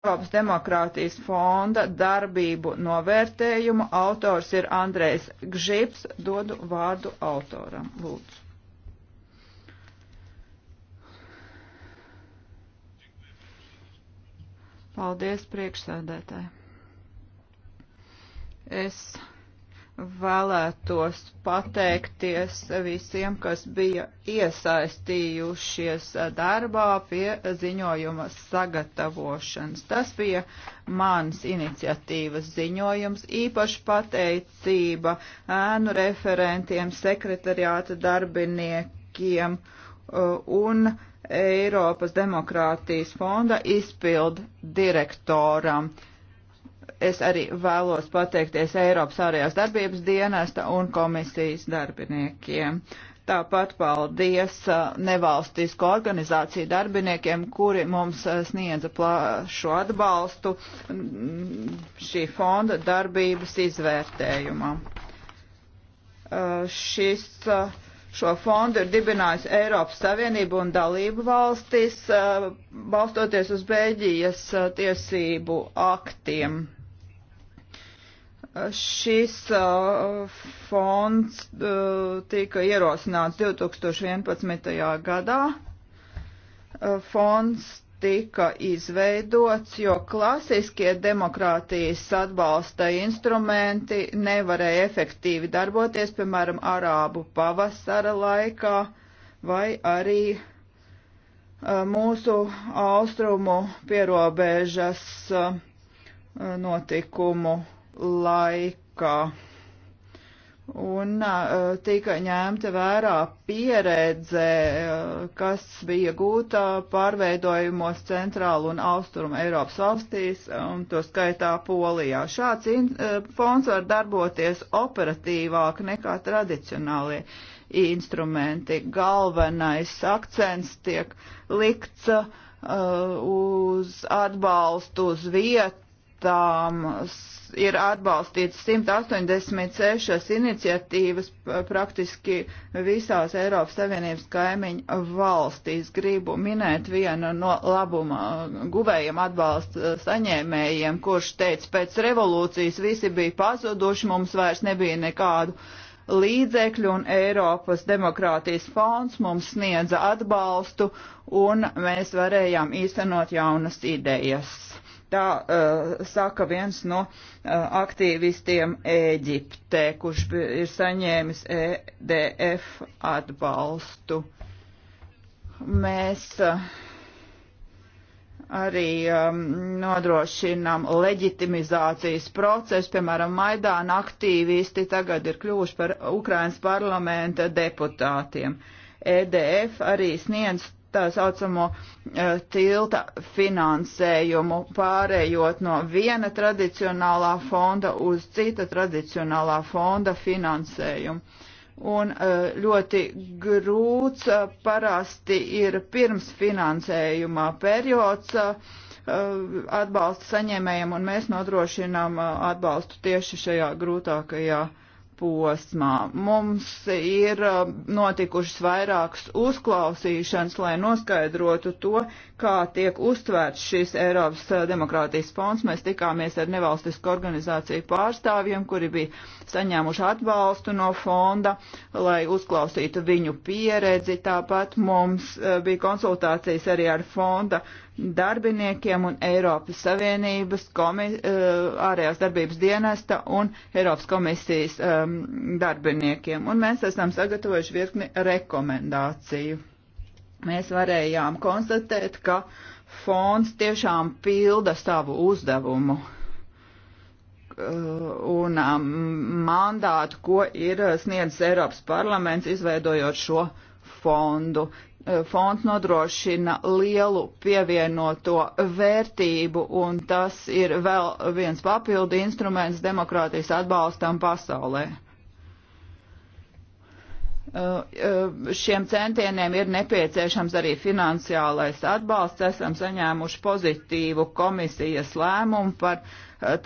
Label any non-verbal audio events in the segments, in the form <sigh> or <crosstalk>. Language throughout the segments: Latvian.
Eiropas demokrātijas fonda darbību novērtējumu. Autors ir Andrēs Gžips. Dodu vārdu autoram. Lūdzu. Paldies priekšsēdētāji. Es vēlētos pateikties visiem, kas bija iesaistījušies darbā pie ziņojuma sagatavošanas. Tas bija mans iniciatīvas ziņojums, īpaši pateicība ēnu referentiem, sekretariāta darbiniekiem uh, un Eiropas demokrātijas fonda izpildu direktoram. Uh, es arī vēlos pateikties Eiropas ārējās darbības dienesta un komisijas darbiniekiem. Tāpat paldies nevalstisko organizāciju darbiniekiem, kuri mums sniedza plašu atbalstu šī fonda darbības izvērtējumā. Šis, šo fondu ir dibinājusi Eiropas Savienība un dalību valstis, balstoties uz Bēļģijas tiesību aktiem Šis uh, fonds uh, tika ierosināts 2011. gadā. Uh, fonds tika izveidots, jo klasiskie demokrātijas atbalsta instrumenti nevarēja efektīvi darboties, piemēram, Arābu pavasara laikā vai arī mūsu austrumu pierobežas notikumu laikā. Un tika ņemta vērā pieredze, kas bija gūta pārveidojumos centrālu un austrumu Eiropas valstīs, un to skaitā Polijā. Šāds fonds var darboties operatīvāk nekā tradicionālie instrumenti. Galvenais akcents tiek likts uh, uz atbalstu uz vietu lietām ir atbalstīts 186 iniciatīvas praktiski visās Eiropas Savienības kaimiņu valstīs. Gribu minēt vienu no labuma uh, guvējiem atbalsta uh, saņēmējiem, kurš teica, pēc revolūcijas visi bija pazuduši, mums vairs nebija nekādu līdzekļu un Eiropas demokrātijas fonds mums sniedza atbalstu un mēs varējām īstenot jaunas idejas. Tā uh, saka viens no uh, aktīvistiem Ēģiptē, kurš ir saņēmis EDF atbalstu. Mēs uh, arī um, nodrošinām leģitimizācijas procesu. Piemēram, Maidāna aktīvisti tagad ir kļuvuši par Ukrainas parlamenta deputātiem. EDF arī sniedz tā saucamo e, tilta finansējumu, pārējot no viena tradicionālā fonda uz cita tradicionālā fonda finansējumu. Un e, ļoti grūts e, parasti ir pirms finansējuma periods atbalsta saņēmējiem, un mēs nodrošinām atbalstu tieši šajā grūtākajā posmā. Mums ir uh, notikušas vairākas uzklausīšanas, lai noskaidrotu to, kā tiek uztvērts šis Eiropas uh, demokrātijas fonds. Mēs tikāmies ar nevalstisku organizāciju pārstāvjiem, kuri bija saņēmuši atbalstu no fonda, lai uzklausītu viņu pieredzi. Tāpat mums uh, bija konsultācijas arī ar fonda darbiniekiem un Eiropas Savienības komi, eh, ārējās darbības dienesta un Eiropas komisijas um, darbiniekiem. Un mēs esam sagatavojuši virkni rekomendāciju. Mēs varējām konstatēt, ka fonds tiešām pilda savu uzdevumu eh, un ehm, mandātu, ko ir sniedzis Eiropas parlaments, izveidojot šo fondu. Eh, fonds nodrošina lielu pievienoto vērtību, un tas ir vēl viens papildu instruments demokrātijas atbalstam pasaulē. Eh, eh, šiem centieniem ir nepieciešams arī finansiālais atbalsts. Esam saņēmuši pozitīvu komisijas lēmumu par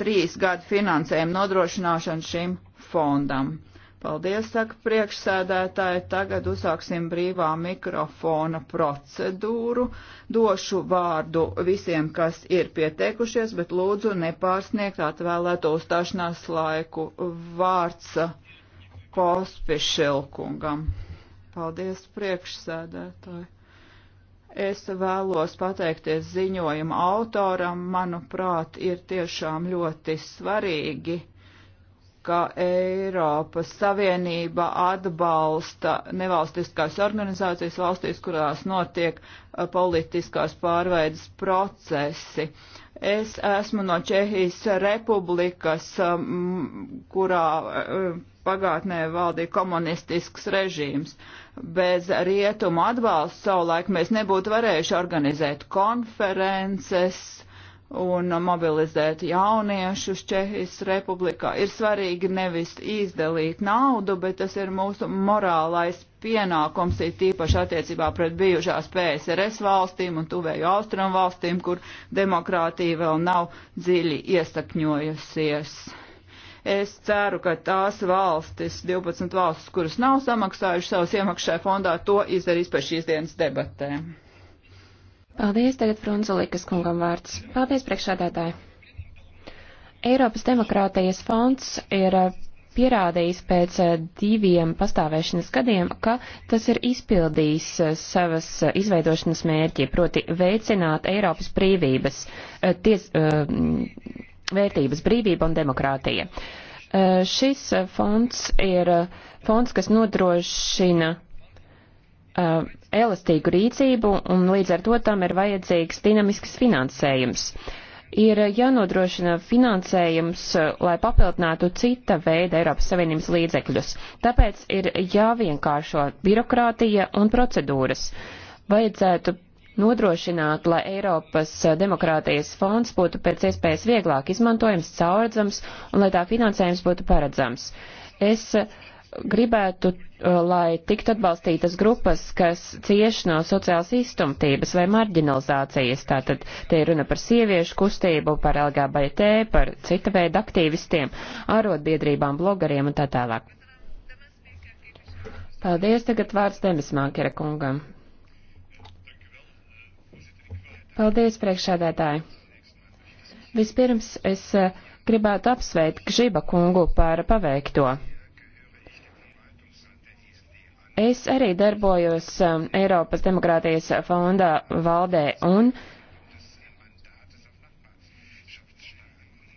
trīs gadu finansējumu nodrošināšanu šim fondam Paldies, saka priekšsēdētāji. Tagad uzsāksim brīvā mikrofona procedūru. Došu vārdu visiem, kas ir pieteikušies, bet lūdzu nepārsniegt atvēlēto uzstāšanās laiku vārds Kospišilkungam. Paldies, priekšsēdētāji. Es vēlos pateikties ziņojuma autoram. Manuprāt, ir tiešām ļoti svarīgi ka Eiropas Savienība atbalsta nevalstiskās organizācijas valstīs, kurās notiek uh, politiskās pārveidas procesi. Es esmu no Čehijas republikas, um, kurā uh, pagātnē valdīja komunistisks režīms. Bez rietumu atbalsta savulaik mēs nebūtu varējuši organizēt konferences, un mobilizēt jauniešus Čehijas republikā. Ir svarīgi nevis izdalīt naudu, bet tas ir mūsu morālais pienākums, ir tīpaši attiecībā pret bijušās PSRS valstīm un tuvēju austrumu valstīm, kur demokrātija vēl nav dziļi iesakņojusies. Es ceru, ka tās valstis, 12 valstis, kuras nav samaksājuši savus iemaksāju fondā, to izdarīs pēc šīs dienas debatēm. Paldies, tagad Frunzulikas kungam vārds. Paldies, priekšādātāji. Eiropas demokrātijas fonds ir eh, pierādījis pēc eh, diviem pastāvēšanas gadiem, ka tas ir izpildījis eh, savas izveidošanas mērķi, proti veicināt Eiropas brīvības, ties, vērtības brīvība un demokrātija. Šis fonds ir fonds, kas nodrošina elastīgu rīcību, un līdz ar to tam ir vajadzīgs dinamisks finansējums. Ir jānodrošina finansējums, lai papildinātu cita veida Eiropas Savienības līdzekļus. Tāpēc ir jāvienkāršo birokrātija un procedūras. Vajadzētu nodrošināt, lai Eiropas demokrātijas fonds būtu pēc iespējas vieglāk izmantojams, caurdzams un lai tā finansējums būtu paredzams. Es uh, gribētu, uh, lai tikt atbalstītas grupas, kas cieš no sociālas izstumtības vai marginalizācijas. Tātad te ir runa par sieviešu kustību, par LGBT, par cita veida aktīvistiem, ārotbiedrībām, blogeriem un tā tālāk. Paldies, tagad vārds Demis Mākera kungam. Paldies, priekšsēdētāji. Vispirms es eh, gribētu apsveikt Gžiba kungu par paveikto. Es arī darbojos um, Eiropas demokrātijas fonda valdē un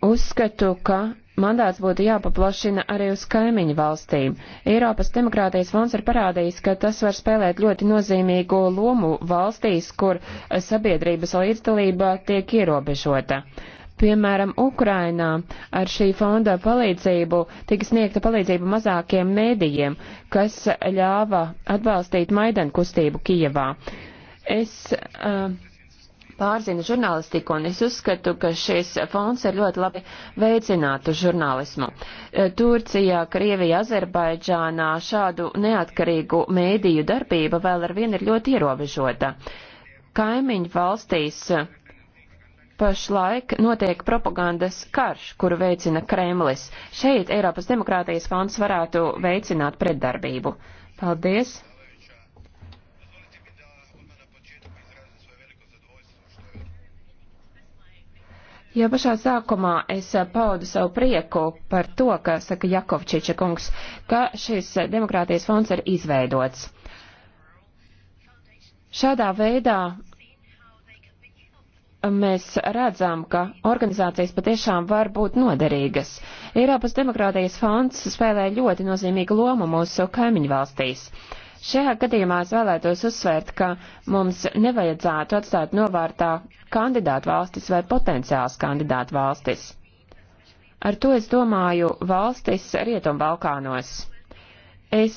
uzskatu, ka Mandāts būtu jāpaplašina arī uz kaimiņu valstīm. Eiropas demokrātijas fonds ir parādījis, ka tas var spēlēt ļoti nozīmīgu lomu valstīs, kur sabiedrības līdzdalība tiek ierobežota. Piemēram, Ukrainā ar šī fonda palīdzību tika sniegta palīdzība mazākiem mēdījiem, kas ļāva atbalstīt Maidan kustību Kijevā. Es uh, pārzinu žurnālistiku, un es uzskatu, ka šis fonds ir ļoti labi veicinātu žurnālismu. Uh, Turcijā, Krievijā, Azerbaidžānā šādu neatkarīgu mēdīju darbība vēl ar vienu ir ļoti ierobežota. Kaimiņu valstīs uh, Pašlaik notiek propagandas karš, kuru veicina Kremlis. Šeit Eiropas demokrātijas fonds varētu veicināt pretdarbību. Paldies! Jau pašā sākumā es paudu savu prieku par to, ka, saka Jakovčiča kungs, ka šis demokrātijas fonds ir izveidots. Šādā veidā mēs redzam, ka organizācijas patiešām var būt noderīgas. Eiropas demokrātijas fonds spēlē ļoti nozīmīgu lomu mūsu kaimiņu valstīs. Šajā gadījumā es vēlētos uzsvērt, ka mums nevajadzētu atstāt novārtā kandidātu valstis vai potenciāls kandidātu valstis. Ar to es domāju valstis Rietumbalkānos. Es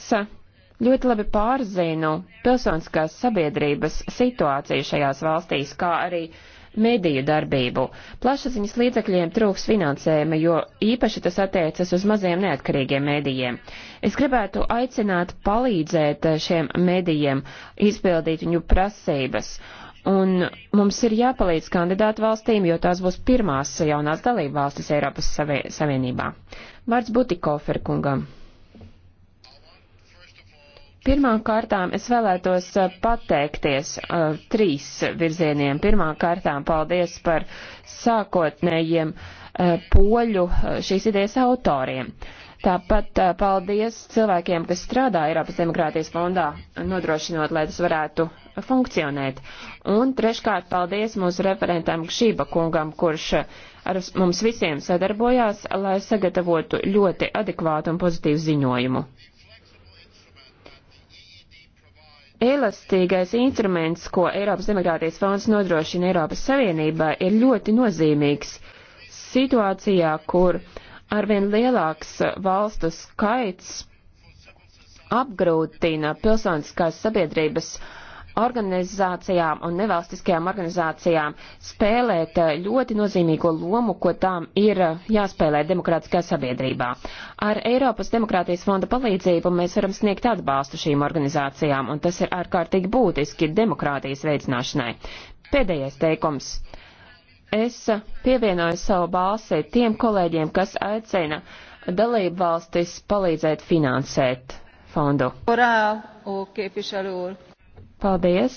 ļoti labi pārzinu pilsoniskās sabiedrības situāciju šajās valstīs, kā arī uh, mediju darbību. Plašsaziņas līdzekļiem trūks finansējuma, jo īpaši tas attiecas uz maziem neatkarīgiem medijiem. Es gribētu aicināt palīdzēt šiem medijiem izpildīt viņu prasības. Un mums ir jāpalīdz kandidātu valstīm, jo tās būs pirmās jaunās dalība valstis Eiropas Savie Savienībā. Vārds Butikofer kungam. Pirmām kārtām es vēlētos uh, pateikties uh, trīs virzieniem. Pirmām kārtām paldies par sākotnējiem uh, poļu uh, šīs idejas autoriem. Tāpat uh, paldies cilvēkiem, kas strādā Eiropas demokrātijas fondā, nodrošinot, lai tas varētu funkcionēt. Un treškārt paldies mūsu referentam Šība kungam, kurš uh, ar mums visiem sadarbojās, lai sagatavotu ļoti adekvātu un pozitīvu ziņojumu. elastīgais instruments, ko Eiropas demokrātijas fonds nodrošina Eiropas Savienībā, ir ļoti nozīmīgs situācijā, kur arvien lielāks valstu skaits apgrūtina pilsoniskās sabiedrības uh, organizācijām un nevalstiskajām organizācijām spēlēt eh, ļoti nozīmīgo lomu, ko tām ir eh, jāspēlē demokrātiskajā sabiedrībā. Ar Eiropas demokrātijas fonda palīdzību mēs varam sniegt atbalstu šīm organizācijām, un tas ir ārkārtīgi būtiski demokrātijas veicināšanai. Pēdējais teikums. Es pievienoju savu balsi tiem kolēģiem, kas aicina dalību valstis palīdzēt finansēt fondu. Orāl, okay, Paldies.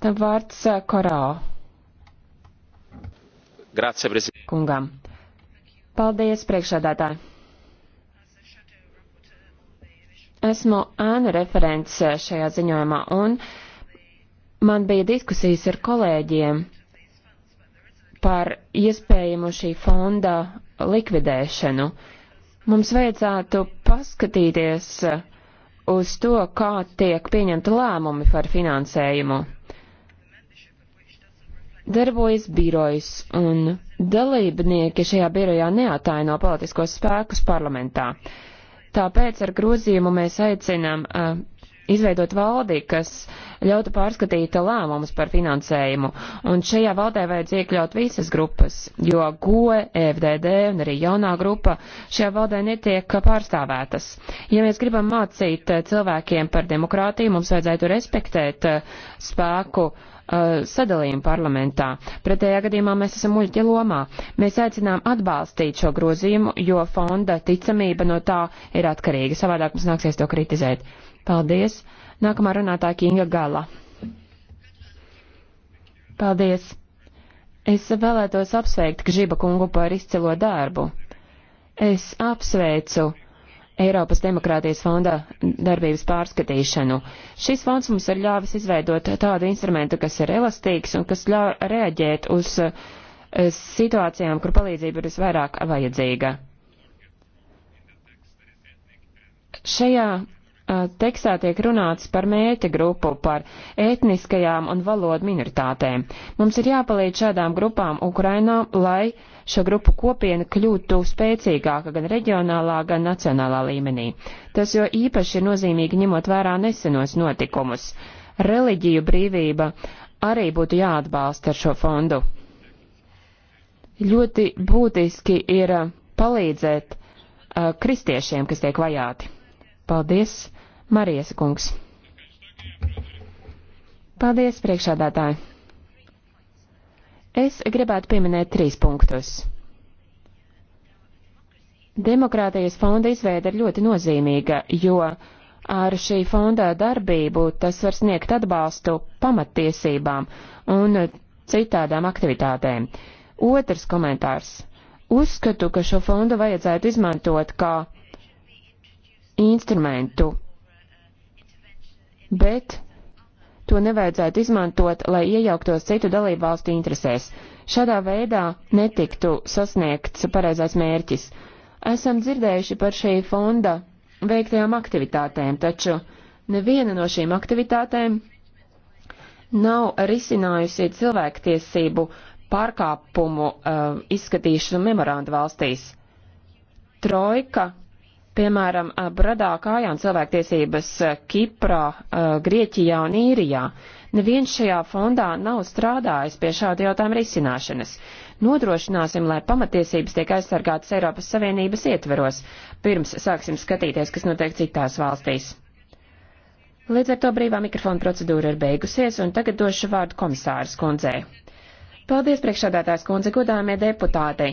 Tam vārds eh, Korāo. Grazie, prezident. Kungam. Paldies, priekšādātāji. Esmu ēna referents eh, šajā ziņojumā, un man bija diskusijas ar kolēģiem par iespējamu šī fonda likvidēšanu. Mums vajadzētu paskatīties, uh, uz to, kā tiek pieņemta lēmumi par finansējumu. Darbojas birojas, un dalībnieki šajā birojā neataino politiskos spēkus parlamentā. Tāpēc ar grozījumu mēs aicinām uh, izveidot valdi, kas ļautu pārskatīt lēmumus par finansējumu. Un šajā valdē vajadz iekļaut visas grupas, jo GOE, EFDD un arī jaunā grupa šajā valdē netiek pārstāvētas. Ja mēs gribam mācīt eh, cilvēkiem par demokrātiju, mums vajadzētu respektēt eh, spēku eh, sadalījumu parlamentā. Pretējā gadījumā mēs esam muļķi lomā. Mēs aicinām atbalstīt šo grozījumu, jo fonda ticamība no tā ir atkarīga. Savādāk mums nāksies to kritizēt. Paldies. Nākamā runātāja Kinga Gala. Paldies. Es vēlētos apsveikt Gžiba kungu par izcilo darbu. Es apsveicu Eiropas demokrātijas fonda darbības pārskatīšanu. Šis fonds mums ir ļāvis izveidot tādu instrumentu, kas ir elastīgs un kas ļauj reaģēt uz eh, situācijām, kur palīdzība ir visvairāk vajadzīga. Šajā tekstā tiek runāts par mērķa grupu, par etniskajām un valodu minoritātēm. Mums ir jāpalīdz šādām grupām Ukrainā, lai šo grupu kopiena kļūtu spēcīgāka gan reģionālā, gan nacionālā līmenī. Tas jo īpaši ir nozīmīgi ņemot vērā nesenos notikumus. Reliģiju brīvība arī būtu jāatbalsta ar šo fondu. Ļoti būtiski ir palīdzēt uh, kristiešiem, kas tiek vajāti. Paldies! Marijas kungs. Paldies, priekšādātāji. Es gribētu pieminēt trīs punktus. Demokrātijas fonda izveida ir ļoti nozīmīga, jo ar šī fonda darbību tas var sniegt atbalstu pamattiesībām un citādām aktivitātēm. Otrs komentārs. Uzskatu, ka šo fondu vajadzētu izmantot kā instrumentu bet to nevajadzētu izmantot, lai iejauktos citu dalību valstu interesēs. Šādā veidā netiktu sasniegts pareizais mērķis. Esam dzirdējuši par šī fonda veiktajām aktivitātēm, taču neviena no šīm aktivitātēm nav risinājusi cilvēktiesību pārkāpumu uh, izskatīšanu memorandu valstīs. Trojka piemēram, bradā kājām cilvēktiesības Kiprā, eh, Grieķijā un Īrijā. Neviens šajā fondā nav strādājis pie šāda jautājuma risināšanas. Nodrošināsim, lai pamatiesības tiek aizsargātas Eiropas Savienības ietveros, pirms sāksim skatīties, kas notiek citās valstīs. Līdz ar to brīvā mikrofona procedūra ir beigusies, un tagad došu vārdu komisāras kundzei. Paldies, priekšādātājs kundze, godāmie deputāti.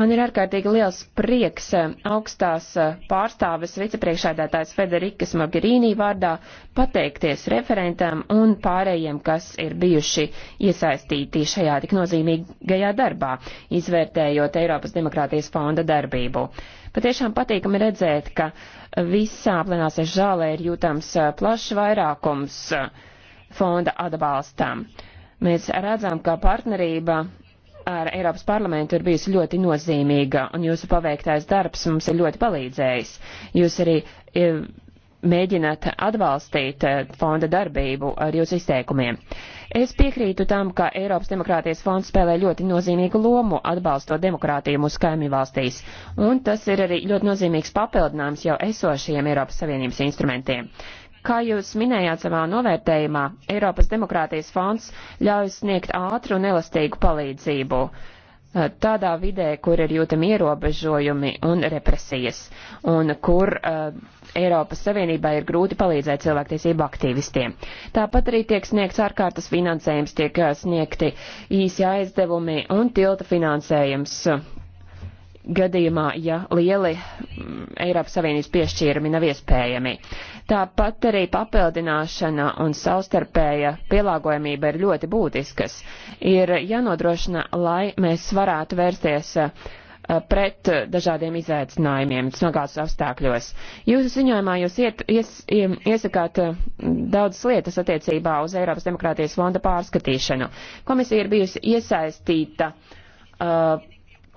Man ir ārkārtīgi liels prieks eh, augstās eh, pārstāves vicepriekšādātājs Federikas Mogherīnī vārdā pateikties referentam un pārējiem, kas ir bijuši iesaistīti šajā tik nozīmīgajā darbā, izvērtējot Eiropas demokrātijas fonda darbību. Patiešām patīkami redzēt, ka visā plenāsies žālē ir jūtams eh, plašs vairākums fonda atbalstām. Mēs redzam, ka partnerība ar Eiropas parlamentu ir bijusi ļoti nozīmīga, un jūsu paveiktais darbs mums ir ļoti palīdzējis. Jūs arī e, mēģināt atbalstīt e, fonda darbību ar jūsu izteikumiem. Es piekrītu tam, ka Eiropas demokrātijas fonds spēlē ļoti nozīmīgu lomu atbalstot demokrātiju mūsu kaimiņu valstīs, un tas ir arī ļoti nozīmīgs papildinājums jau esošajiem Eiropas Savienības instrumentiem. Kā jūs minējāt savā novērtējumā, Eiropas demokrātijas fonds ļauj sniegt ātru un elastīgu palīdzību eh, tādā vidē, kur ir jūtami ierobežojumi un represijas, un kur uh, Eiropas Savienībā ir grūti palīdzēt cilvēktiesību aktīvistiem. Tāpat arī tiek sniegts ārkārtas finansējums, tiek eh, sniegti īsi aizdevumi un tilta finansējums gadījumā, ja lieli mm, Eiropas Savienības piešķīrumi nav iespējami. Tāpat arī papildināšana un savstarpēja pielāgojamība ir ļoti būtiskas. Ir jānodrošina, lai mēs varētu vērsties eh, pret dažādiem izaicinājumiem, smagās apstākļos. Jūsu ziņojumā jūs iet, ies, iesakāt eh, daudzas lietas attiecībā uz Eiropas demokrātijas fonda pārskatīšanu. Komisija ir bijusi iesaistīta uh,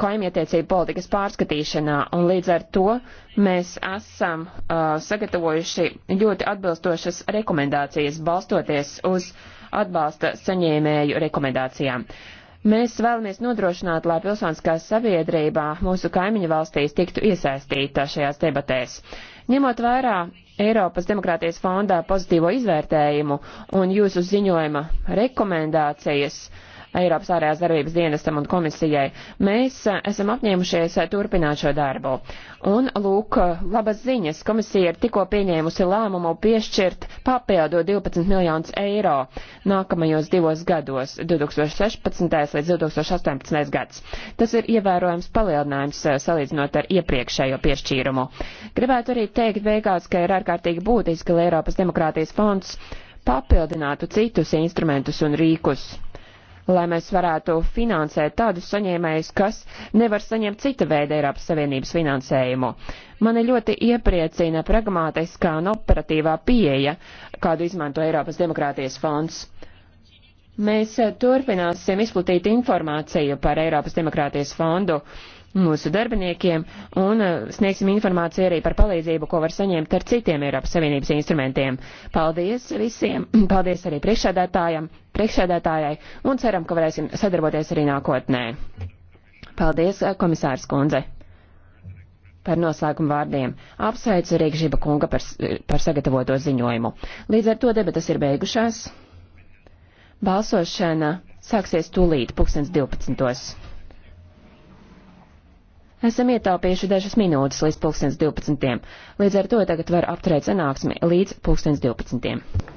kaimietiecību politikas pārskatīšanā, un līdz ar to mēs esam uh, sagatavojuši ļoti atbilstošas rekomendācijas, balstoties uz atbalsta saņēmēju rekomendācijām. Mēs vēlamies nodrošināt, lai pilsoniskā sabiedrībā mūsu kaimiņu valstīs tiktu iesaistīta šajās debatēs. Ņemot vērā Eiropas demokrātijas fondā pozitīvo izvērtējumu un jūsu ziņojuma rekomendācijas, uh, Eiropas ārējās darbības dienestam un komisijai. Mēs eh, esam apņēmušies eh, turpināt šo darbu. Un, lūk, eh, labas ziņas. Komisija ir tikko pieņēmusi lēmumu piešķirt papildu 12 miljonus eiro nākamajos divos gados, 2016. līdz 2018. gads. Tas ir ievērojams palielinājums salīdzinot ar iepriekšējo piešķīrumu. Gribētu arī teikt beigās, ka ir ārkārtīgi būtiski, lai Eiropas demokrātijas fonds papildinātu citus instrumentus un rīkus lai mēs varētu finansēt tādus saņēmējus, kas nevar saņemt cita veida Eiropas Savienības finansējumu. Mani ļoti iepriecina pragmātiskā un operatīvā pieeja, kādu izmanto Eiropas demokrātijas fonds. Mēs eh, turpināsim izplatīt informāciju par Eiropas demokrātijas fondu mūsu darbiniekiem un eh, sniegsim informāciju arī par palīdzību, ko var saņemt ar citiem Eiropas Savienības instrumentiem. Paldies visiem, <clears throat> paldies arī priekšādātājam priekšsēdētājai un ceram, ka varēsim sadarboties arī nākotnē. Paldies, eh, komisārs Kundze! Par noslēgumu vārdiem apsveicu Rīgžiba kunga par, eh, par sagatavoto ziņojumu. Līdz ar to debatas ir beigušās. Balsošana sāksies tūlīt 2012. Esam ietaupījuši dažas minūtes līdz 2012. Līdz ar to tagad var apturēt sanāksmi līdz 2012.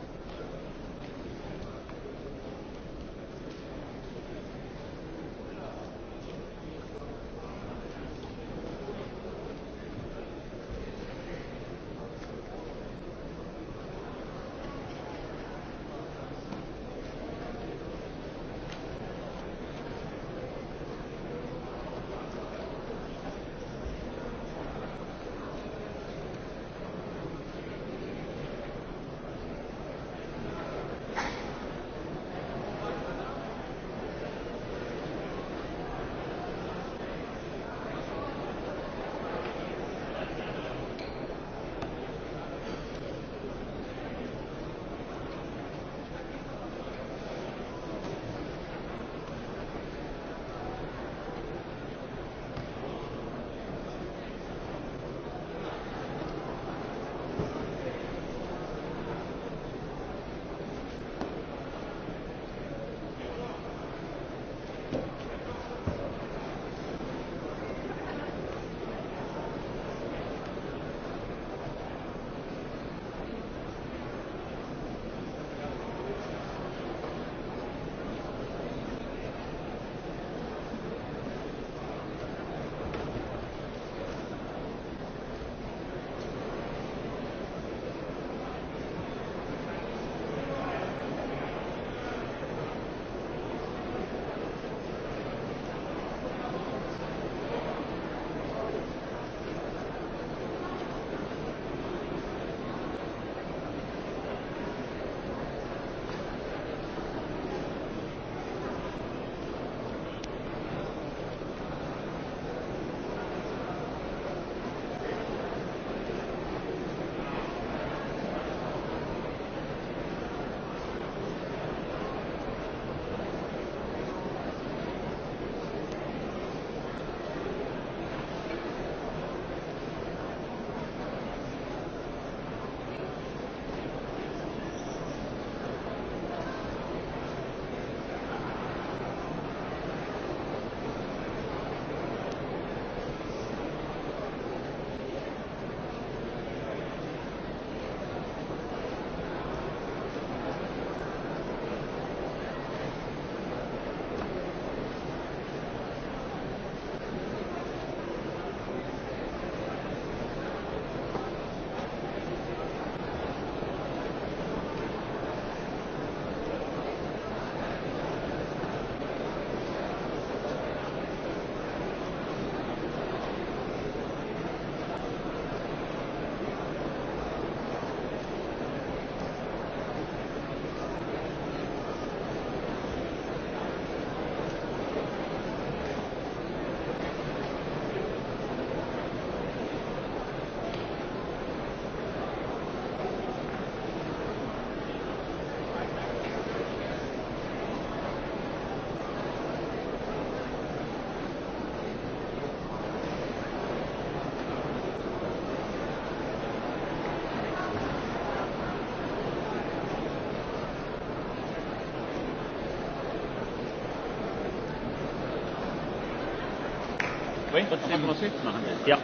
Nein. Trotzdem muss ich machen. Ja.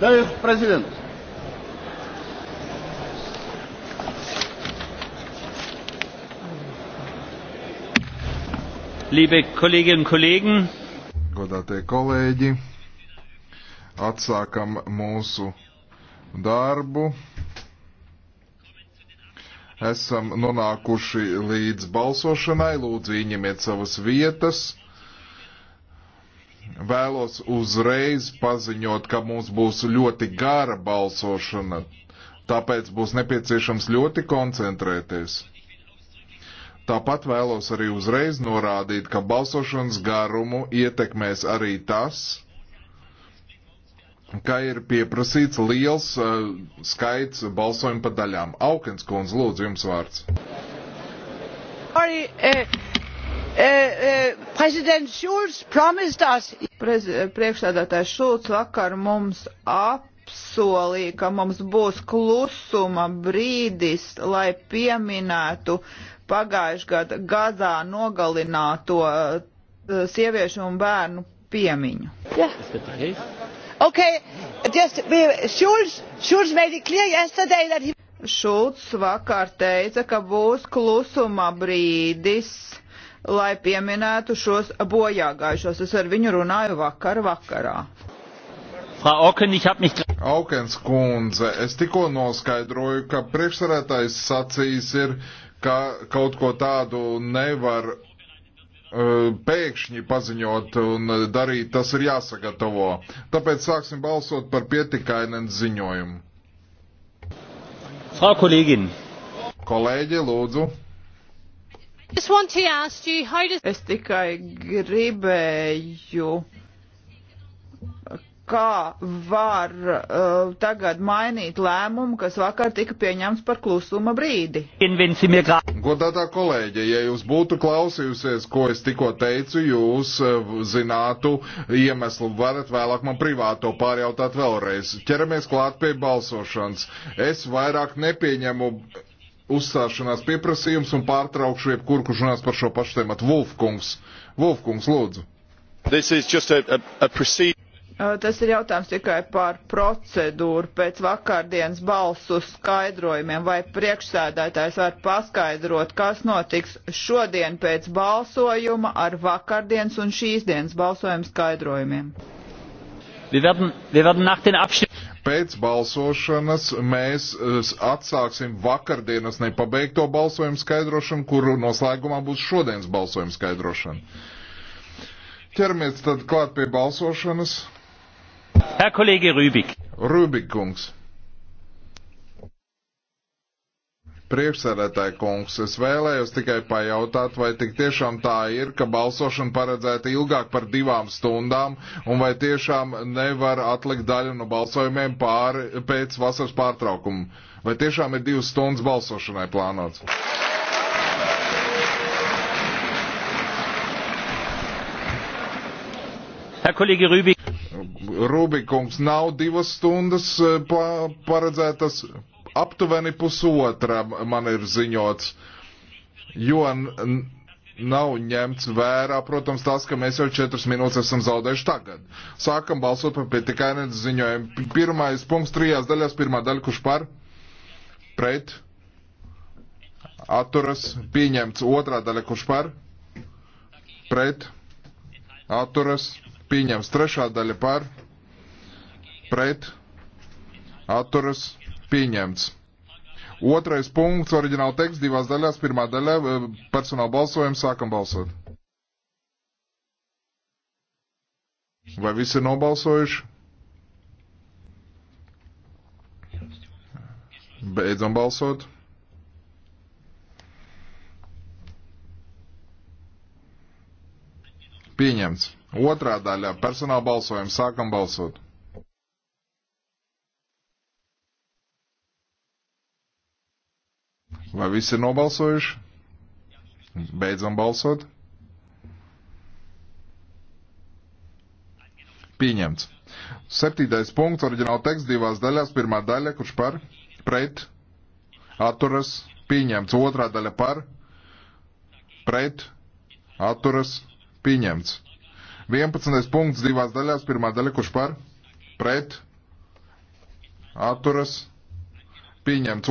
Herr Präsident. Liebe Kolleginnen und Kollegen, godātie kolēģi, atsākam mūsu darbu. Esam nonākuši līdz balsošanai. Lūdzu, ieņemiet savas vietas vēlos uzreiz paziņot, ka mums būs ļoti gara balsošana, tāpēc būs nepieciešams ļoti koncentrēties. Tāpat vēlos arī uzreiz norādīt, ka balsošanas garumu ietekmēs arī tas, ka ir pieprasīts liels uh, skaits balsojumu pa daļām. Aukens kundze, lūdzu, jums vārds. Arī, eh, Eh, eh, President Schulz promised us. Prez, eh, priekšsēdētājs Šulc vakar mums apsolīja, ka mums būs klusuma brīdis, lai pieminētu pagājušajā gada gadā nogalināto sieviešu un bērnu piemiņu. Yeah. Okay, just, Schulz, Schulz made it clear yesterday that he... Šulcs vakar teica, ka būs klusuma brīdis lai pieminētu šos bojāgājušos. Es ar viņu runāju vakar vakarā. Frau Auken, ich habe mich. Aukens kundze, es tikko noskaidroju, ka priekšsarētājs sacījis ir, ka kaut ko tādu nevar uh, pēkšņi paziņot un darīt, tas ir jāsagatavo. Tāpēc sāksim balsot par pietikainen ziņojumu. Frau Kolēģin. Kolēģi, lūdzu. Es tikai gribēju, kā var uh, tagad mainīt lēmumu, kas vakar tika pieņemts par klusuma brīdi. Godātā kolēģe, ja jūs būtu klausījusies, ko es tikko teicu, jūs uh, zinātu iemeslu. Varat vēlāk man privāto pārjautāt vēlreiz. Ķeramies klāt pie balsošanas. Es vairāk nepieņemu uzstāšanās pieprasījums un pārtraukšu jebkuru, kurš runās par šo pašu tēmatu. Vulfkungs, Vulfkungs, lūdzu. A, a, a Tas ir jautājums tikai par procedūru. Pēc vakardienas balsu skaidrojumiem vai priekšsēdētājs var paskaidrot, kas notiks šodien pēc balsojuma ar vakardienas un šīs dienas balsojuma skaidrojumiem. Wir werden, wir werden nach den Pēc balsošanas mēs eh, atsāksim vakardienas nepabeigto balsojumu skaidrošanu, kuru noslēgumā būs šodienas balsojuma skaidrošana. Ķeramies tad klāt pie balsošanas. Herr kolēģi Rūbik. Rūbik kungs. Priekšsēdētāji kungs, es vēlējos tikai pajautāt, vai tik tiešām tā ir, ka balsošana paredzēta ilgāk par divām stundām, un vai tiešām nevar atlikt daļu no balsojumiem pāri pēc vasaras pārtraukuma. Vai tiešām ir divas stundas balsošanai plānots? Herr Kollege Rübig. Rubikungs nav divas stundas eh, paredzētas aptuveni pusotra man ir ziņots, jo nav ņemts vērā, protams, tas, ka mēs jau četras minūtes esam zaudējuši tagad. Sākam balsot par pietikainietu ziņojumu. Pirmais punkts trijās daļās, pirmā daļa, kurš par, pret, atturas, pieņemts otrā daļa, kurš par, pret, atturas, pieņemts trešā daļa par, pret, atturas, Pieņemts. Otrais punkts, oriģināla teksts divās daļās. Pirmā daļā eh, personāla balsojums, sākam balsot. Vai visi ir nobalsojuši? Beidzam balsot. Pieņemts. Otrā daļā personāla balsojums, sākam balsot. Vai visi ir nobalsojuši? Beidzam balsot. Pieņemts. Septītais punkts, oriģināla teksts divās daļās. Pirmā daļa, kurš par, pret, atturas, pieņemts. Otrā daļa par, pret, atturas, pieņemts. Vienpadsmitais punkts divās daļās. Pirmā daļa, kurš par, pret, atturas, pieņemts.